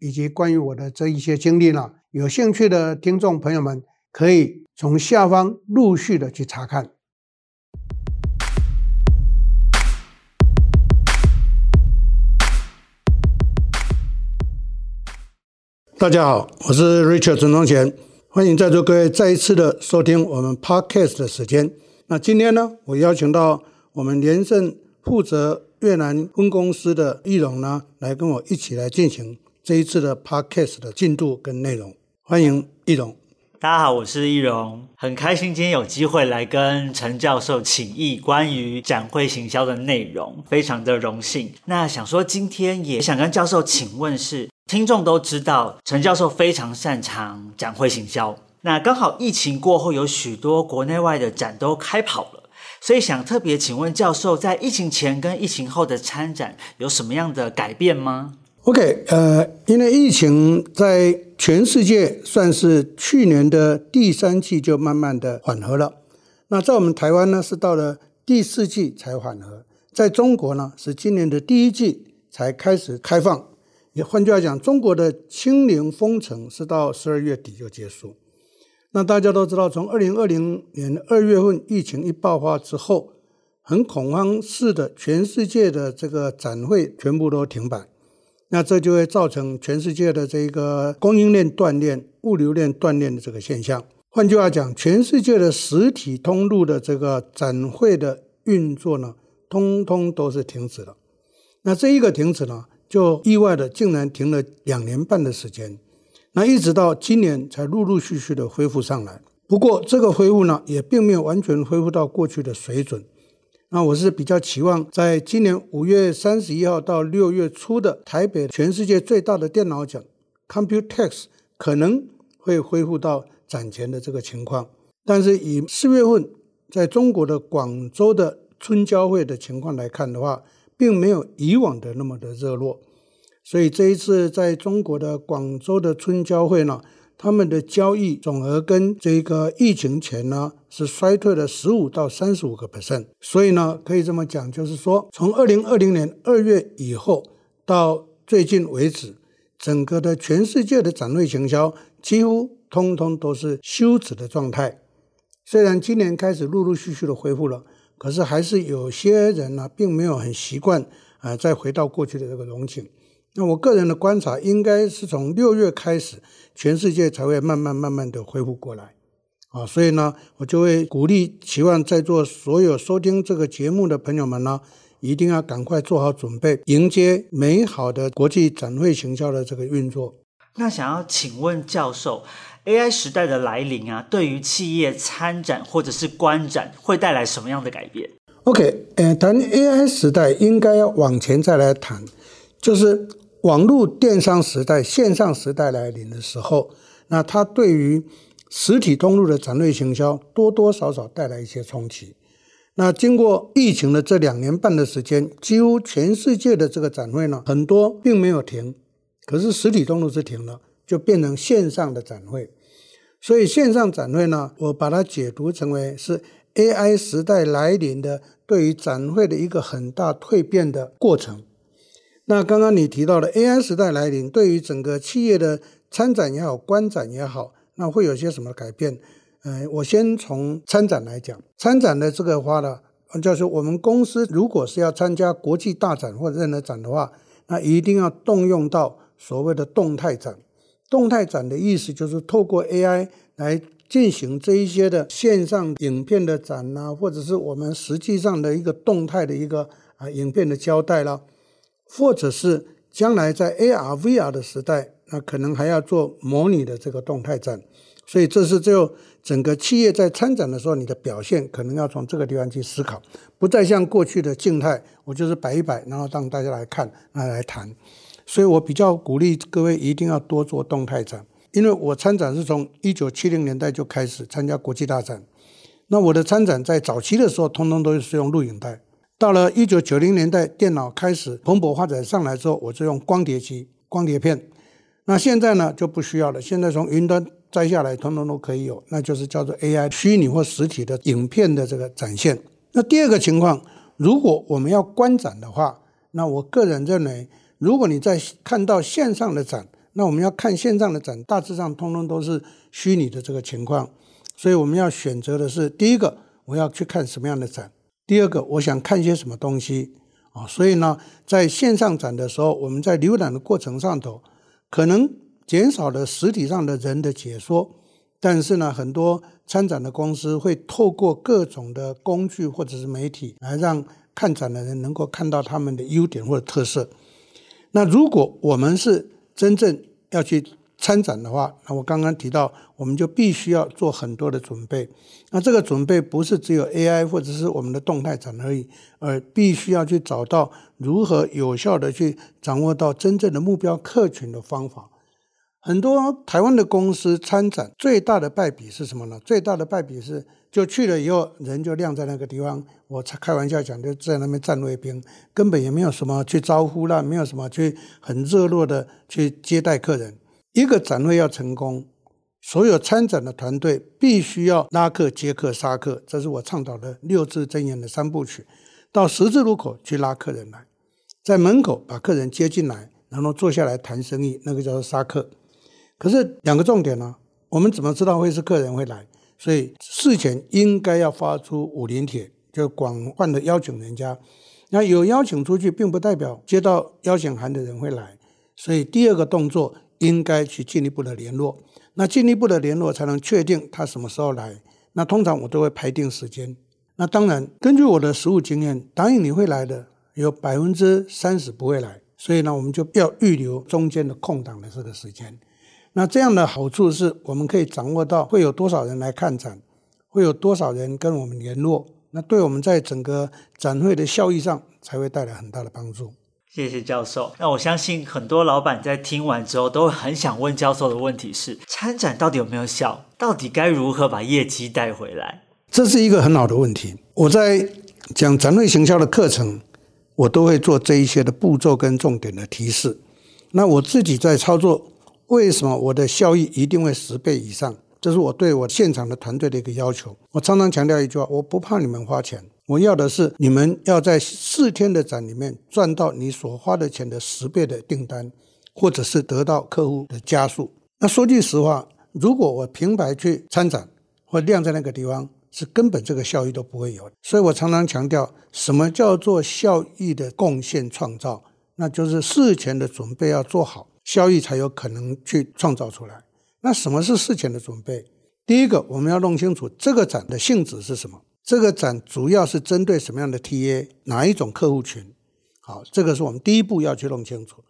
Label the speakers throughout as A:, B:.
A: 以及關於我的這一些經歷呢、啊，有興趣的聽眾朋友們可以從下方陸續的去查看。大家好，我是 Richard 陳宗賢，歡迎在座各位再一次的收聽我們 Podcast 的時間。那今天呢，我邀請到我們連勝負責越南分公司的易榮呢，來跟我一起來進行。這一次的 podcast 的進度跟內容，歡迎易容。
B: 大家好，我是易容，很開心今天有機會來跟陳教授請益關於展會行銷的內容，非常的榮幸。那想說今天也想跟教授請問是，聽眾都知道陳教授非常擅長展會行銷，那剛好疫情過後有許多國內外的展都開跑了，所以想特別請問教授，在疫情前跟疫情後的參展有什麼樣的改變嗎？嗯。
A: OK，呃，因為疫情在全世界算是去年的第三季就慢慢的緩和了，那在我們台灣呢，是到了第四季才緩和，在中國呢，是今年的第一季才開始開放。也換句話講，中國的清零封城是到十二月底就結束。那大家都知道，從二零二零年二月份疫情一爆發之後，很恐慌式的，全世界的這個展會全部都停擺。那這就會造成全世界的這個供應鏈斷裂、物流鏈斷裂的這個現象。換句話講，全世界的實體通路的這個展會的運作呢，通通都是停止了。那這一個停止呢，就意外的竟然停了兩年半的時間。那一直到今年才陸陸續續的恢復上來。不過這個恢復呢，也並沒有完全恢復到過去的水準。那我是比較期望在今年五月三十一號到六月初的台北全世界最大的電腦展 Computex 可能會恢復到展前的這個情況，但是以四月份在中國的廣州的春交會的情況來看的話，並沒有以往的那麼的熱絡，所以這一次在中國的廣州的春交會呢。他們的交易總額跟這個疫情前呢是衰退了十五到三十五個 percent，所以呢可以這麼講，就是說從二零二零年二月以後到最近為止，整個的全世界的展會行銷幾乎通通都是休止的狀態。雖然今年開始陸陸續續的恢復了，可是還是有些人呢、啊、並沒有很習慣，呃，再回到過去的這個榮景。那我個人的觀察，應該是從六月開始，全世界才會慢慢慢慢的恢復過來，啊、哦，所以呢，我就會鼓勵，期望在座所有收聽這個節目的朋友們呢，一定要趕快做好準備，迎接美好的國際展會行銷的這個運作。
B: 那想要請問教授，AI 時代的來臨啊，對於企業參展或者是觀展，會帶來什麼樣的改變
A: ？OK，呃、欸，談 AI 時代，應該要往前再來談，就是。網絡電商時代、線上時代來臨的時候，那它對於實體通路的展會行銷多多少少帶來一些衝擊。那經過疫情的這兩年半的時間，幾乎全世界的這個展會呢，很多並沒有停，可是實體通路是停了，就變成線上的展會。所以線上展會呢，我把它解讀成為是 AI 時代來臨的，對於展會的一個很大蛻變的過程。那剛剛你提到的 AI 時代來臨，對於整個企業的參展也好、觀展也好，那會有些什麼改變？呃，我先從參展來講，參展的這個話呢，就是我們公司如果是要參加國際大展或者任何展的話，那一定要動用到所謂的動態展。動態展的意思就是透過 AI 來進行這一些的線上影片的展呢、啊，或者是我們實際上的一個動態的一個、啊、影片的交代了。或者是將來在 AR、VR 的時代，那可能還要做模擬的這個動態展，所以這是就整個企業在參展的時候，你的表現可能要從這個地方去思考，不再像過去的靜態，我就是擺一擺，然後讓大家來看，大家來談。所以我比較鼓勵各位一定要多做動態展，因為我參展是從一九七零年代就開始參加國際大展，那我的參展在早期的時候，通通都是用錄影帶。到了一九九零年代，電腦開始蓬勃發展上來之後，我就用光碟機、光碟片。那現在呢，就不需要了，現在從雲端摘下來，通通都可以有，那就是叫做 AI 虛擬或實體的影片的這個展現。那第二個情況，如果我們要觀展的話，那我個人認為，如果你在看到線上的展，那我們要看線上的展，大致上通通都是虛擬的這個情況，所以我們要選擇的是第一個，我要去看什麼樣的展。第二個，我想看一些什麼東西啊，哦，所以呢，在線上展的時候，我們在瀏覽的過程上頭，可能減少了實體上的人的解說，但是呢，很多參展的公司會透過各種的工具或者是媒體，來讓看展的人能夠看到他們的優點或者特色。那如果我們是真正要去，參展的話，那我剛剛提到，我們就必須要做很多的準備。那這個準備不是只有 AI 或者是我們的動態展而已，而必須要去找到如何有效地去掌握到真正的目標客群的方法。很多台灣的公司參展最大的敗筆是什麼呢？最大的敗筆是就去了以後，人就晾在那個地方。我開玩笑講，就在那邊站衛兵，根本也沒有什麼去招呼啦，那沒有什麼去很熱絡的去接待客人。一個展會要成功，所有參展的團隊必須要拉客、接客、殺客，這是我倡導的六字箴言的三部曲。到十字路口去拉客人來，在門口把客人接進來，然後坐下來談生意，那個叫做殺客。可是兩個重點呢、啊，我們怎麼知道會是客人會來？所以事前應該要發出武林帖，就廣泛地邀請人家。那有邀請出去，並不代表接到邀請函的人會來。所以第二個動作。應該去進一步的聯絡，那進一步的聯絡才能確定他什麼時候來。那通常我都會排定時間。那當然，根據我的實務經驗，答應你會來的有百分之三十不會來，所以呢，我們就要預留中間的空檔的這個時間。那這樣的好處是，我們可以掌握到會有多少人來看展，會有多少人跟我們聯絡。那對我們在整個展會的效益上，才會帶來很大的幫助。
B: 謝謝教授。那我相信很多老闆在聽完之後都會很想問教授的問題是：參展到底有沒有效？到底該如何把業績帶回來？
A: 這是一個很好的問題。我在講展會行銷的課程，我都會做這一些的步驟跟重點的提示。那我自己在操作，為什麼我的效益一定會十倍以上？這是我對我現場的團隊的一個要求。我常常強調一句話，我不怕你們花錢。我要的是你們要在四天的展裡面賺到你所花的錢的十倍的訂單，或者是得到客戶的加速。那說句實話，如果我平白去參展或晾在那個地方，是根本這個效益都不會有的。所以我常常強調，什麼叫做效益的貢獻創造？那就是事前的準備要做好，效益才有可能去創造出來。那什麼是事前的準備？第一個，我們要弄清楚這個展的性質是什麼？這個展主要是針對什麼樣的 TA，哪一種客戶群？好，這個是我們第一步要去弄清楚。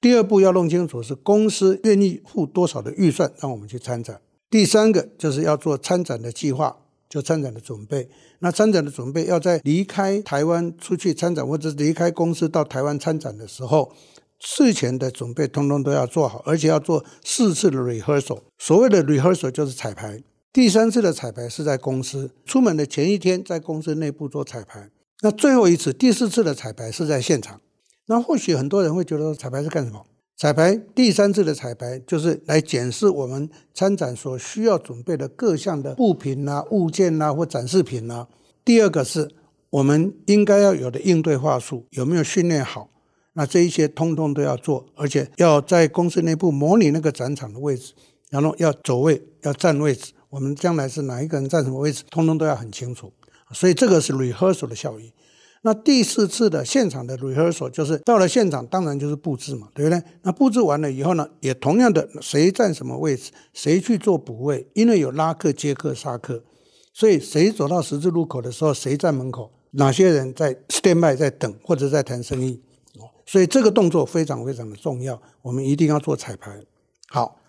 A: 第二步要弄清楚是公司願意付多少的預算讓我們去參展。第三個就是要做參展的計劃，就參展的準備。那參展的準備要在離開台灣出去參展，或者是離開公司到台灣參展的時候，事前的準備通通都要做好，而且要做四次的 rehearsal。所謂的 rehearsal 就是彩排。第三次的彩排是在公司出門的前一天，在公司內部做彩排。那最後一次、第四次的彩排是在現場。那或許很多人會覺得說彩排是幹什麼？彩排第三次的彩排就是來檢視我們參展所需要準備的各項的物品啊、物件啊或展示品啊。第二個是我們應該要有的應對話術有沒有訓練好？那這一些通通都要做，而且要在公司內部模擬那個展場的位置，然後要走位、要站位置。我們將來是哪一個人在什麼位置，通通都要很清楚，所以這個是 rehearsal 的效益。那第四次的現場的 rehearsal 就是到了現場，當然就是佈置嘛，對不對？那佈置完了以後呢，也同樣的，誰站什麼位置，誰去做補位，因為有拉客、接客、殺客，所以誰走到十字路口的時候，誰在門口，哪些人在 stand by 在等或者在談生意，所以這個動作非常非常的重要，我們一定要做彩排。好。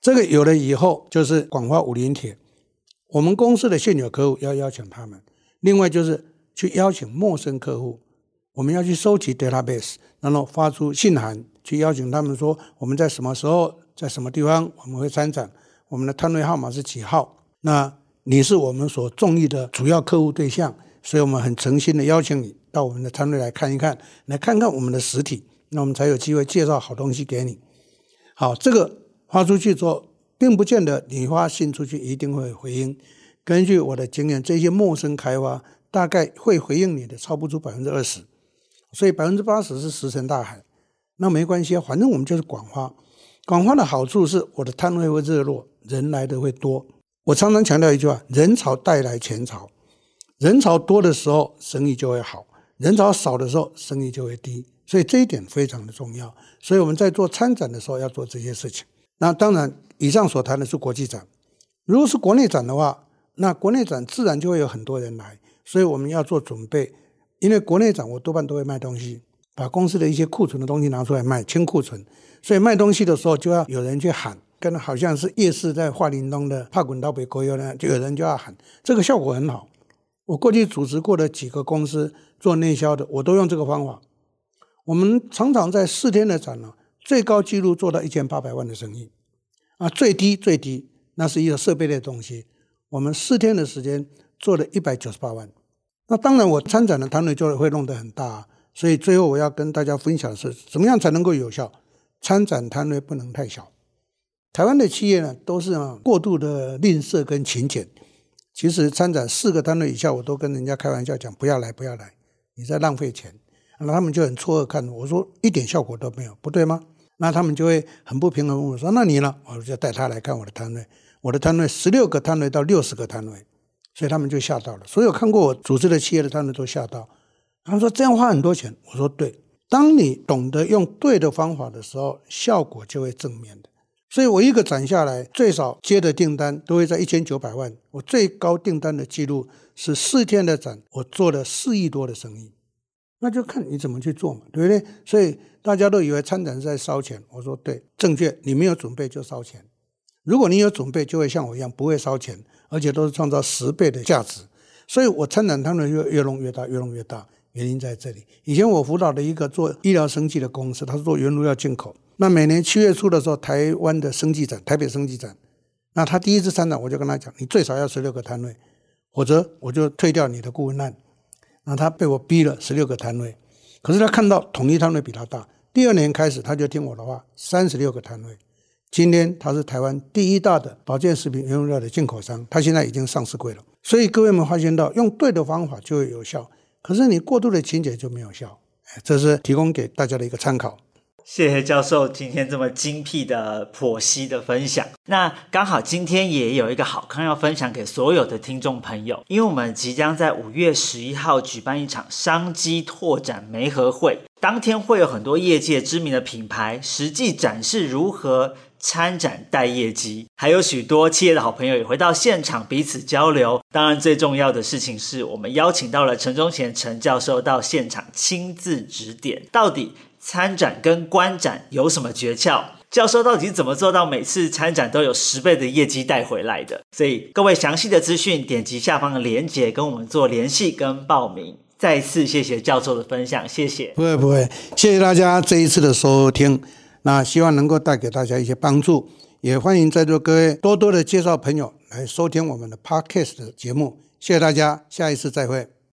A: 這個有了以後，就是廣發武林帖，我們公司的現有客戶要邀請他們，另外就是去邀請陌生客戶，我們要去收集 database，然後發出信函去邀請他們，說我們在什麼時候，在什麼地方我們會參展，我們的攤位號碼是幾號，那你是我們所中意的主要客戶對象，所以我們很誠心的邀請你到我們的攤位來看一看，來看看我們的實體，那我們才有機會介紹好東西給你。好，這個。發出去之後，並不見得你發信出去一定會回應。根據我的經驗，這些陌生開發大概會回應你的，超不出百分之二十。所以百分之八十是石沉大海。那沒關係，反正我們就是廣發。廣發的好處是我的攤位會熱絡，人來的會多。我常常強調一句話：人潮帶來錢潮，人潮多的時候生意就會好，人潮少的時候生意就會低。所以這一點非常的重要。所以我們在做參展的時候要做這些事情。那當然，以上所談的是國際展。如果是國內展的話，那國內展自然就會有很多人來，所以我們要做準備。因為國內展，我多半都會賣東西，把公司的一些庫存的東西拿出來賣，清庫存。所以賣東西的時候就要有人去喊，跟好像是夜市在華林東的帕滾到北國有樣，就有人就要喊，這個效果很好。我過去組織過的幾個公司做內銷的，我都用這個方法。我們常常在四天的展呢。最高紀錄做到一千八百萬的生意，啊，最低最低，那是一個設備類的東西，我們四天的時間做了一百九十八萬。那當然，我參展的攤位就會弄得很大，所以最後我要跟大家分享的是，怎麼樣才能夠有效？參展攤位不能太小。台灣的企業呢，都是啊，過度的吝嗇跟勤儉。其實參展四個攤位以下，我都跟人家開玩笑講，不要來，不要來，你在浪費錢。那他們就很錯愕，看我說一點效果都沒有，不對嗎？那他們就會很不平衡，問我說：“那你呢？”我就帶他來看我的攤位，我的攤位十六個攤位到六十個攤位，所以他們就嚇到了。所有看過我組織的企業的攤位都嚇到，他們說這樣花很多錢。我說對，當你懂得用對的方法的時候，效果就會正面的。所以我一個展下來，最少接的訂單都會在一千九百萬。我最高訂單的記錄是四天的展，我做了四億多的生意。那就看你怎麼去做嘛，對不對？所以大家都以為參展是在燒錢。我說對，正確。你沒有準備就燒錢，如果你有準備，就會像我一樣不會燒錢，而且都是創造十倍的價值。所以我參展攤位越越弄越大，越弄越大，原因在這裡。以前我輔導的一個做醫療生技的公司，他是做原乳藥進口。那每年七月初的時候，台灣的生技展，台北生技展，那他第一次參展，我就跟他講，你最少要十六個攤位，否則我就退掉你的顧問案。那他被我逼了十六個攤位，可是他看到統一攤位比他大，第二年開始他就聽我的話，三十六個攤位。今天他是台灣第一大的保健食品原料的進口商，他現在已經上市櫃了。所以各位們發現到，用對的方法就會有效，可是你過度的清潔就沒有效，這是提供給大家的一個參考。
B: 謝謝教授今天這麼精闢的剖析的分享。那剛好今天也有一個好康要分享給所有的聽眾朋友，因為我們即將在五月十一號舉辦一場商機拓展媒合會，當天會有很多業界知名的品牌實際展示如何參展帶業績，還有許多企業的好朋友也回到現場彼此交流。當然最重要的事情是，我們邀請到了陳宗賢陳教授到現場親自指點，到底，參展跟觀展有什麼訣竅？教授到底怎麼做到每次參展都有十倍的業績帶回來的？所以各位詳細的資訊，點擊下方的鏈接跟我們做聯繫跟報名。再次謝謝教授的分享，謝謝。
A: 不會不會，謝謝大家這一次的收聽，那希望能夠帶給大家一些幫助，也歡迎在座各位多多的介紹朋友來收聽我們的 Podcast 的節目。謝謝大家，下一次再會。